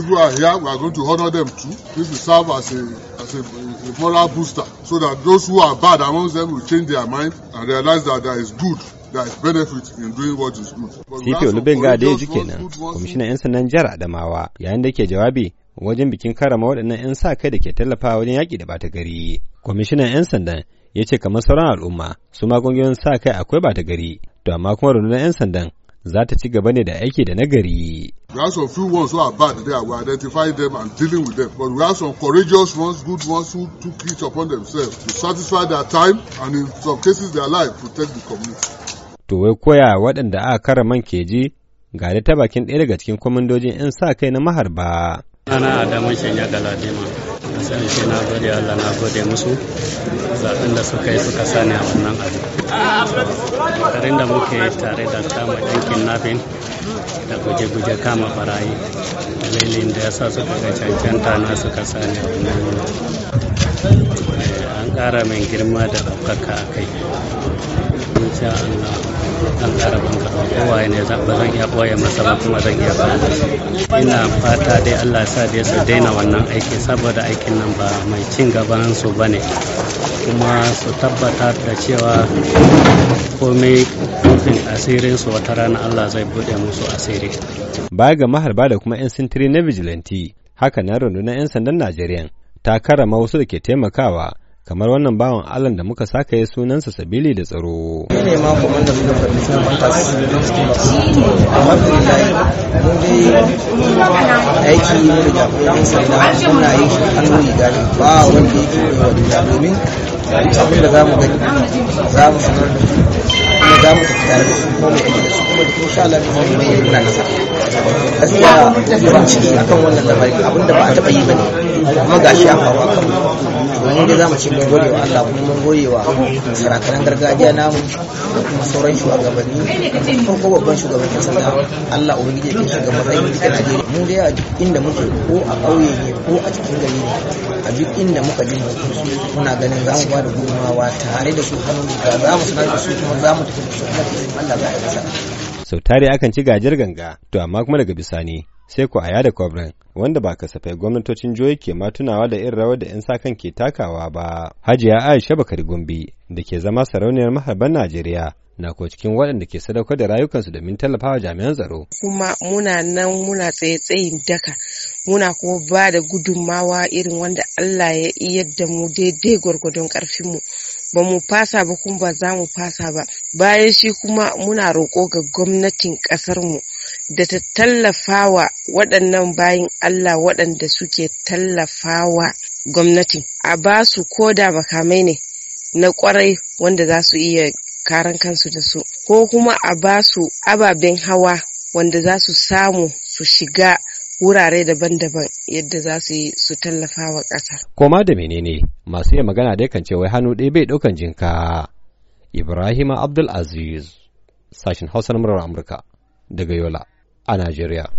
people are here, we are going to honor them too. This will serve as a, as a, a moral booster so that those who are bad amongst them will change their mind and realize that there is good Sifi Olubenga da jike kenan, kwamishinan 'yan sandan jihar Adamawa yayin da ke jawabi wajen bikin karama waɗannan 'yan sa kai da ke tallafa wajen yaƙi da bata gari. Kwamishinan 'yan sandan ya ce kamar sauran al'umma su ma kungiyoyin sa kai akwai bata gari, to amma kuma rundunar 'yan sandan za ta ci gaba ne da aiki da nagari. We have some few ones who are bad there. We identify them and dealing with them. But we have some courageous ones, good ones who took it upon themselves to satisfy their time and in some cases their life protect the community. To wai koya waɗanda aka man keji ga da ta bakin ɗaya daga cikin kwamandojin 'yan sa kai na maharba. Ana Adamu Shanya ladima Na sani shi na gode Allah na gode musu zaɓin da suka yi suka sani a wannan abu. Karin da muke tare da kama ɗankin nafin da guje-guje kama barayi dalilin da ya sa suka ga cancanta na suka sani wannan eh, an ƙara min girma da ɗaukaka a kai insha Allah an ƙara ban karɓa kowaye ne ba zan iya ɓoye masa ba kuma zan iya ba ina fata dai Allah sa dai su daina wannan aiki saboda aikin nan ba mai cin gaban su ba ne. kuma su tabbatar da cewa komai rufin asirinsu wata rana Allah zai buɗe musu asiri. Baya ga maharba da kuma 'yan sintiri na vigilanti, haka na rundunar 'yan sandan Najeriya ta karama wasu da ke taimakawa kamar wannan bawan Allah da muka saka ya sunansa sabili da tsaro. Ni ne ma kuma da da suka faɗi sun fantas. Alhamdulillah mun dai aiki da jami'an sanda muna aiki hannu riga ne ba wanda yake da wani domin abin da za mu gani za mu sanar da kuma za mu tafi tare da su kuma mu kuma da su kuma duk insha Allah mu muna nasa gaskiya ciki akan wannan lamari abinda ba a taba yi bane amma gashi an faru dai za mu ci mun gode wa Allah kuma mun gode wa sarakaran gargajiya namu da kuma sauran shugabanni farko babban shugaban kasa da Allah ubangiji ya ga matsayin cikin Najeriya mu dai a inda muke ko a ƙauye ne ko a cikin gari ne a duk inda muka ji muna ganin za mu ba da gudunmawa tare da su hannu da za mu sanar da su kuma za mu tafi da su Allah ya yi masa. sau tare akan ci gajiyar ganga to amma kuma daga bisani sai ku a yada kwabren wanda ba kasafai gwamnatocin jihohi ke ma tunawa da irin rawar da 'yan sakan ke takawa ba. Hajiya Aisha Bakari Gombe da ke zama sarauniyar maharban Najeriya na ko cikin waɗanda ke sadaukar da rayukansu domin tallafawa jami'an tsaro. Kuma muna nan muna tsaye-tsayin daka muna kuma ba da gudummawa irin wanda Allah ya yadda mu daidai gwargwadon ƙarfinmu. Ba mu fasa ba kuma ba za mu fasa ba. Bayan shi kuma muna roƙo ga gwamnatin ƙasarmu. da ta tallafawa waɗannan bayan Allah waɗanda suke tallafawa gwamnati a ba su koda makamai ne na kwarai wanda za su iya karan kansu da su ko kuma a ba su ababen hawa wanda za su samu su shiga wurare daban-daban yadda za su yi su tallafa wa ƙasa. Koma da menene masu iya magana dai kan ce wai hannu ɗaya bai ɗaukan jinka. Ibrahim Abdul Aziz, sashen Hausa na Amurka, daga Yola. a Najeriya.